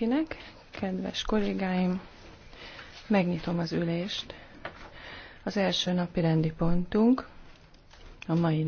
mindenkinek, kedves kollégáim! Megnyitom az ülést. Az első napi rendi pontunk a mai